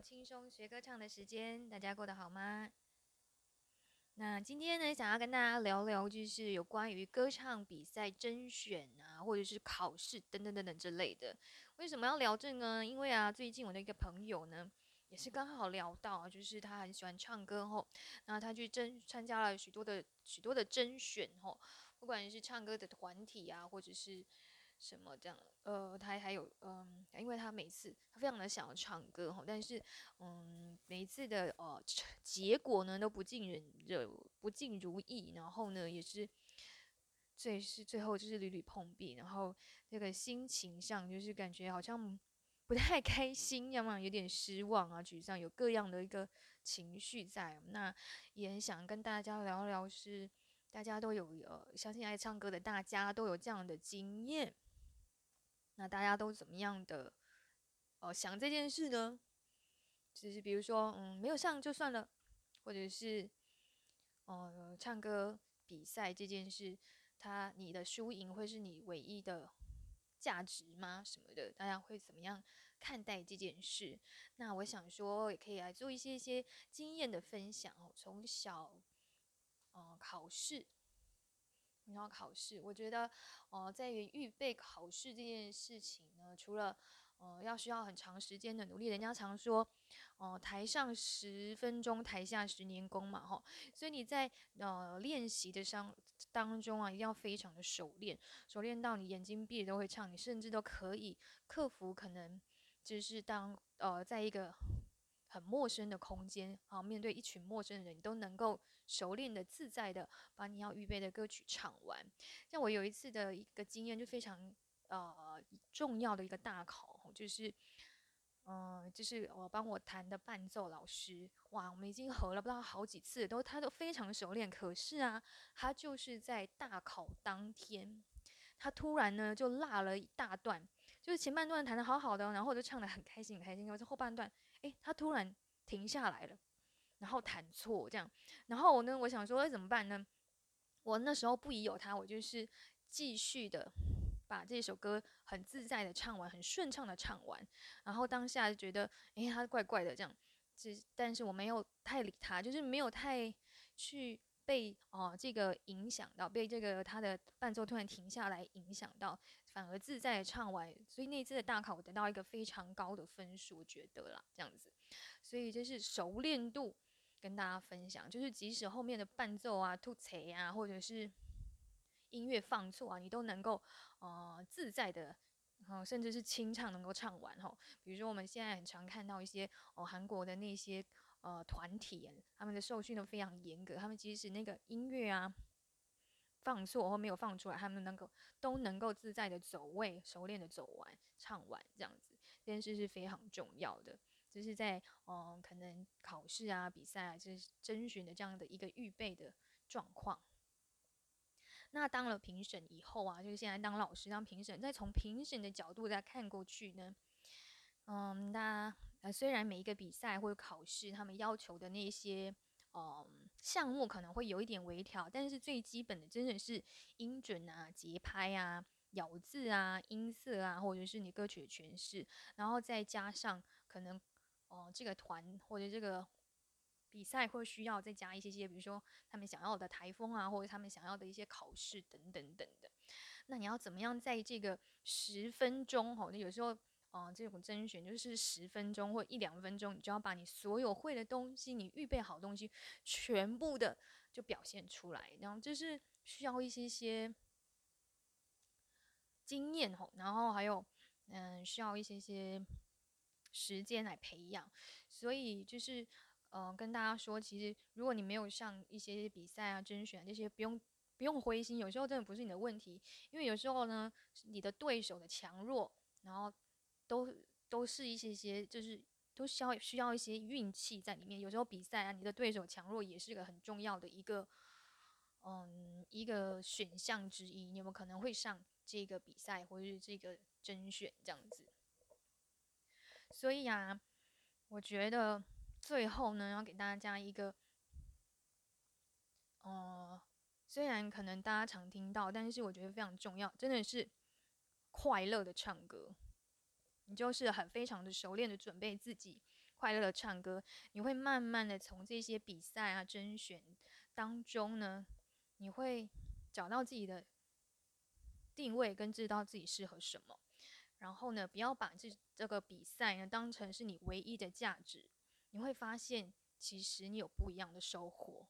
輕鬆學歌唱的時間，大家過得好嗎？那今天呢，想要跟大家聊聊，就是有關於歌唱比賽甄選啊，或者是考試等等等等之類的。為什麼要聊這呢？因為啊，最近我的一個朋友呢，也是剛好聊到啊，就是他很喜歡唱歌吼，然後他去甄參加了許多的許多的甄選吼，不管是唱歌的團體啊，或者是。什麼這樣？呃，他還有，嗯、呃，因為他每次他非常的想要唱歌吼，但是，嗯，每一次的呃，結果呢都不盡人熱不盡如意，然後呢也是最是最後就是屢屢碰壁，然後那個心情上就是感覺好像不太開心，要麼有點失望啊沮喪，有各樣的一個情緒在。那也很想跟大家聊聊是，是大家都有呃，相信愛唱歌的大家都有這樣的經驗。那大家都怎麼樣的哦、呃、想這件事呢？就是比如說，嗯，沒有上就算了，或者是，嗯、呃，唱歌比賽這件事，它你的輸贏會是你唯一的價值嗎？什麼的，大家會怎麼樣看待這件事？那我想說，也可以來做一些一些經驗的分享哦。從小，嗯、呃，考試。你要考試，我覺得，哦、呃，在於預備考試這件事情呢，除了，呃，要需要很長時間的努力。人家常說，哦、呃，台上十分鐘，台下十年功嘛，哈。所以你在呃練習的上當中啊，一定要非常的熟練，熟練到你眼睛閉著都會唱，你甚至都可以克服可能，就是當呃，在一個。很陌生的空間啊，面對一群陌生的人，都能夠熟練的、自在的把你要預備的歌曲唱完。像我有一次的一個經驗，就非常呃重要的一個大考，就是嗯、呃，就是我幫我彈的伴奏老師，哇，我們已經合了不知道好幾次，都他都非常熟練。可是啊，他就是在大考當天，他突然呢就落了一大段。就是前半段彈得好好的，然後我就唱得很開心很開心。可是後半段，誒、欸，他突然停下來了，然後彈錯這樣。然後我呢，我想說，誒，怎麼辦呢？我那時候不疑有他，我就是繼續的把這首歌很自在的唱完，很順暢的唱完。然後當下就覺得，誒、欸，他怪怪的這樣。但是我沒有太理他，就是沒有太去。被哦、呃，這個影響到，被這個他的伴奏突然停下來影響到，反而自在唱完，所以那次的大考我得到一個非常高的分數，我覺得啦這樣子，所以就是熟練度跟大家分享，就是即使後面的伴奏啊、吐詞啊，或者是音樂放錯啊，你都能夠呃自在的、呃，甚至是清唱能夠唱完哈。比如說我們現在很常看到一些哦、呃、韓國的那些。呃，團體、啊、他們的受訓都非常嚴格，他們即使那個音樂啊放錯或沒有放出來，他們能夠都能夠自在的走位，熟練的走完、唱完這樣子，這件事是非常重要的，就是在嗯、呃，可能考試啊、比賽啊，就是徵選的這樣的一個預備的狀況。那當了評審以後啊，就是現在當老師、當評審，再從評審的角度再看過去呢，嗯，那。雖然每一個比賽或者考試，他們要求的那些呃項目可能會有一點微調，但是最基本的真的是音準啊、節拍啊、咬字啊、音色啊，或者是你歌曲的詮釋，然後再加上可能哦、呃、這個團或者這個比賽會需要再加一些些，比如說他們想要的台風啊，或者他們想要的一些考試等等等等。那你要怎麼樣在這個十分鐘哦？那有時候。哦、嗯，這種徵選就是十分鐘或一兩分鐘，你就要把你所有會的東西，你預備好東西全部的就表現出來，然後就是需要一些些經驗吼，然後還有嗯需要一些些時間來培養，所以就是嗯、呃，跟大家說，其實如果你沒有上一些比賽啊徵選啊這些，不用不用灰心，有時候真的不是你的問題，因為有時候呢你的對手的強弱，然後。都都是一些些，就是都需要需要一些運氣在裡面。有時候比賽啊，你的對手強弱也是一個很重要的一個，嗯，一個選項之一。你有沒有可能會上這個比賽，或者是這個徵選這樣子？所以呀，啊，我覺得最後呢，要給大家一個，嗯，雖然可能大家常聽到，但是我覺得非常重要，真的是快樂的唱歌。你就是很非常的熟練的準備自己，快樂的唱歌。你會慢慢的從這些比賽啊、甄選當中呢，你會找到自己的定位跟知道自己適合什麼。然後呢，不要把這這個比賽呢當成是你唯一的價值，你會發現其實你有不一樣的收穫。